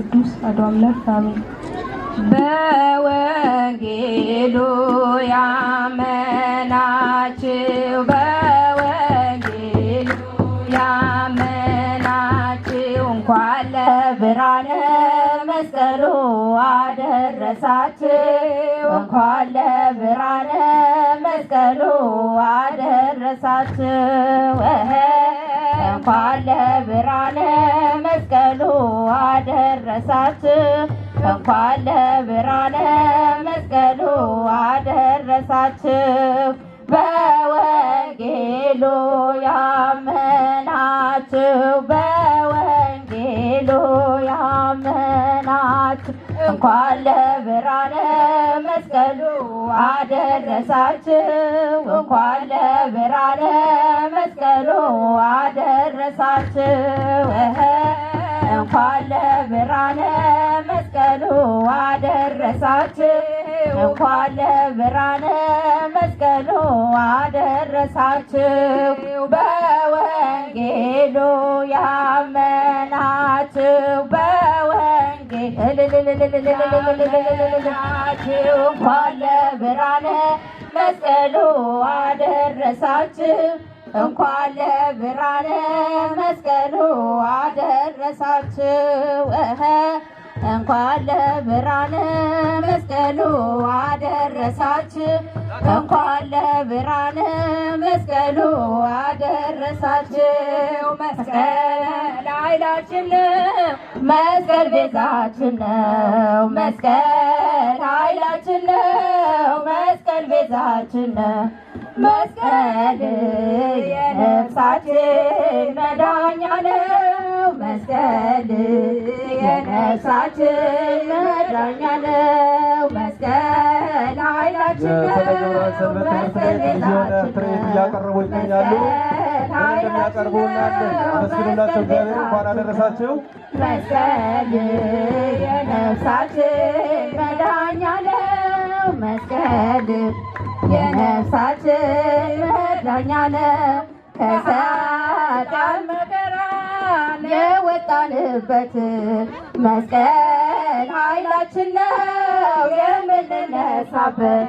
ቅዱስ አሐዱ አምላክ አሜን። በወንጌሉ ያመናችሁ በወንጌሉ ያመናችሁ እንኳን ለብርሃነ መስቀሉ አደረሳችሁ። በሉ አደረሳችሁ እንኳን ለብርሃነ መስቀሉ አደረሳችሁ እንኳን ለብርሃነ መስቀሉ አደረሳችሁ በወንጌሉ ያመናችሁ ያመናት እንኳን ለብርሃነ መስቀሉ አደረሳችሁ እንኳን ለብርሃነ መስቀሉ አደረሳችሁ እንኳን ለብርሃነ መስቀሉ አደረሳችሁ እንኳን ለብርሃነ መስቀሉ አደረሳችሁ በወንጌሉ ያመ ናችሁ እንኳን ለብርሃነ መስቀሉ አደረሳችሁ እንኳን ለብርሃነ መስቀሉ አደረሳችሁ እንኳን ለብርሃነ መስቀሉ አደረሳች እንኳን ለብርሃነ መስቀሉ አደረሳችሁ። መስቀል ኃይላችን ነው፣ መስቀል ቤዛችን ነው። መስቀል ኃይላችን ነው፣ መስቀል ቤዛችን ነው። መስቀል የነፍሳችን መዳኛ ነው። መስቀል የነፍሳችን መዳኛ ነው። መስቀል ኃይላችን ነው። መስቀል እያቀረቡ ይገኛሉ። እንደሚያቀርቡ አመስግኑላቸው። እግዚአብሔር እንኳን መስቀል የነፍሳችን መዳኛ ነው። መስቀል የነፍሳችን መዳኛ ነው ከሰይጣን መከራ የወጣንበት መስቀል ኃይላችን ነው የምንነሳበት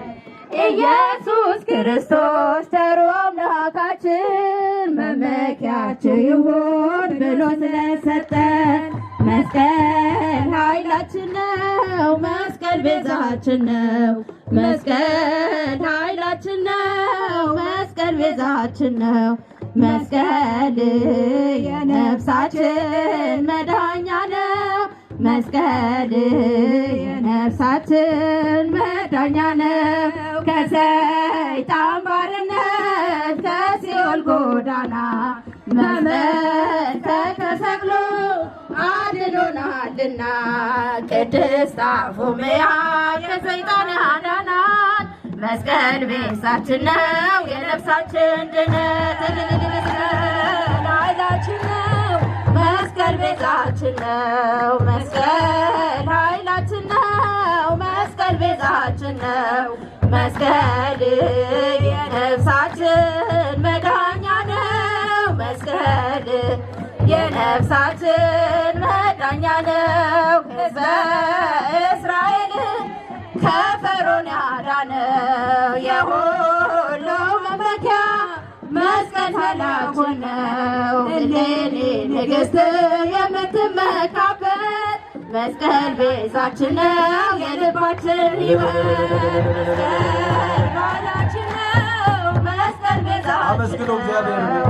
ኢየሱስ ክርስቶስ ተሩ አምላካችን መመኪያችን ይሁን ብሎ ስለሰጠን መስቀል ኃይላችን ነው መስቀል ቤዛችን ነው። መስቀል ኃይላችን ነው፣ መስቀል ቤዛችን ነው፣ መስቀል የነፍሳችን መዳኛ ነው፣ መስቀል የነፍሳችን መዳኛ ነው። ከሰይጣን ባርነት ከሲኦል ጎዳና መመ አድኖናልና ቅድስት ፎምያ የሰይጣን አዳናት መስቀል ቤዛችን ነው የነፍሳችን ድነት ኃይላችን ነው መስቀል ቤዛችን ነው መስቀል ኃይላችን ነው መስቀል ቤዛችን ነው መስቀል የነፍሳችን መዳኛ ነው መስቀል የነፍሳችን ሕዝበ እስራኤልን ከፈርዖን ያዳነው የሁሉ መመኪያ መስቀል ታላቁ ነው። እሌኒ ንግሥት የምትመካበት መስቀል ቤዛችን ነው። የልባችን ይወት ነው። መስቀል ቤዛችን ነው።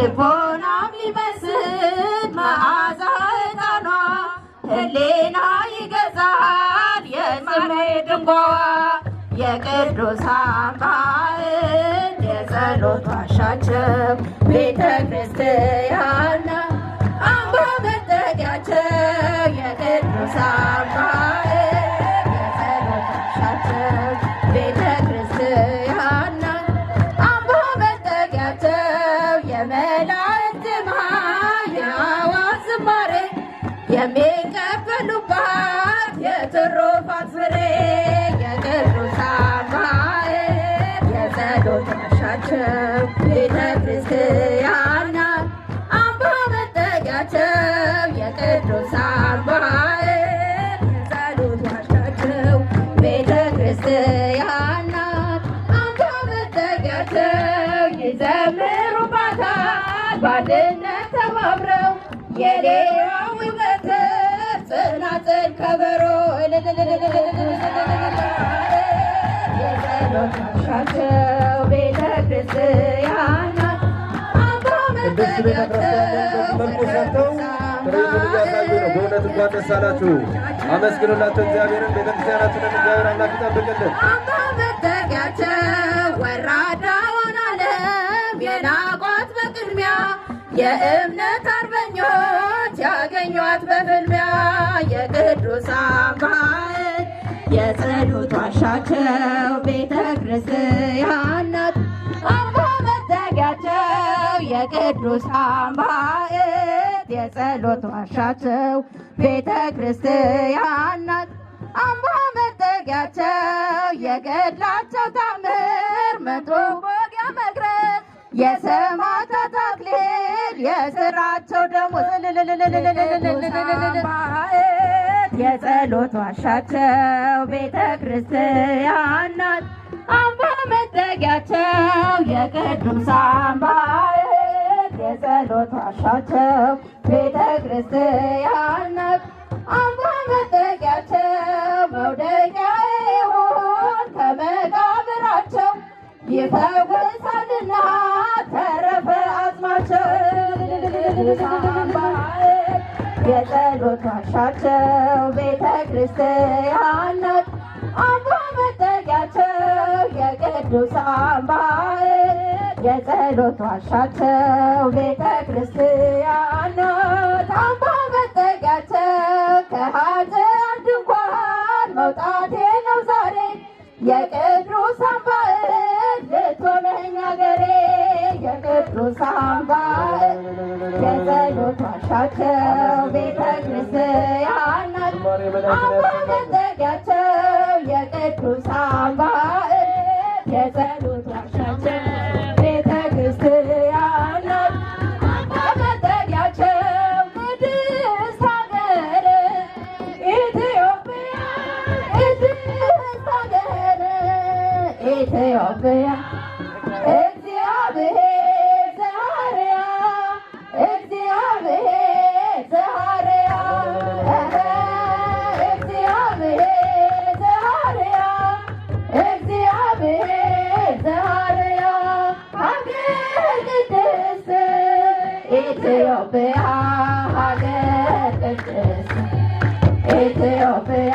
ልቦና ሊመስል መዓዛ ዕጣኗ ህሌና ይገዛል የማርያም ድንኳዋ የቅዱሳን በዓል የጸሎት ዋሻቸው ቤተ ክርስቲያን የሚቀበሉባት የትሩፋት ፍሬ የቅዱሳን ማዕድ የጸሎት ዋሻቸው ቤተክርስቲያን ናት አምባ መጠጊያቸው የቅዱሳን የጸሎት ናት አምባ መጠጊያቸው ይዘምሩባታል ተባብረው የሌ ከበሮ ሻቸው ቤተ በእውነት እንኳን ደስ አላችሁ። አመስግኑላቸው እግዚአብሔርን። ቤተክርስቲያናችንን እግዚአብሔር አምላክ ይጠብቅልን። መጠጊያቸው ወራዳውን ዓለም የናቋት በቅድሚያ የእምነት አርበኞች ያገኟት በፍልሚያ የቅዱሳን በዓል የጸሎት ዋሻቸው ቤተ ክርስቲያን ናት አምባ መጠጊያቸው የቅዱሳን በዓል የጸሎት ዋሻቸው ቤተ ክርስቲያን ናት አምባ መጠጊያቸው የገድላቸው ታምር መቶ ወጊያ መቅረት የሰማት የስራቸው ደሞዝ የጸሎት ዋሻቸው ቤተ ክርስቲያን ናት አምባ መጠጊያቸው የቅዱሳን ባየት የጸሎት ዋሻቸው ቤተ ክርስቲያን ናት አምባ መጠጊያቸው መውደቂያ ይሆን ከመቃብራቸው ይፈውሳልና ሳምባዬ የጸሎት ዋሻቸው ቤተ ክርስቲያን ናት አምባ መጠጊያቸው የቅዱሳን ባይ የጸሎት ዋሻቸው ቤተ ክርስቲያን ናት አባ መጠጊያቸው አባ መጠጊያቸው ቅድስት ኢትዮጵያ ሀገር ቅድስት ኢትዮጵያ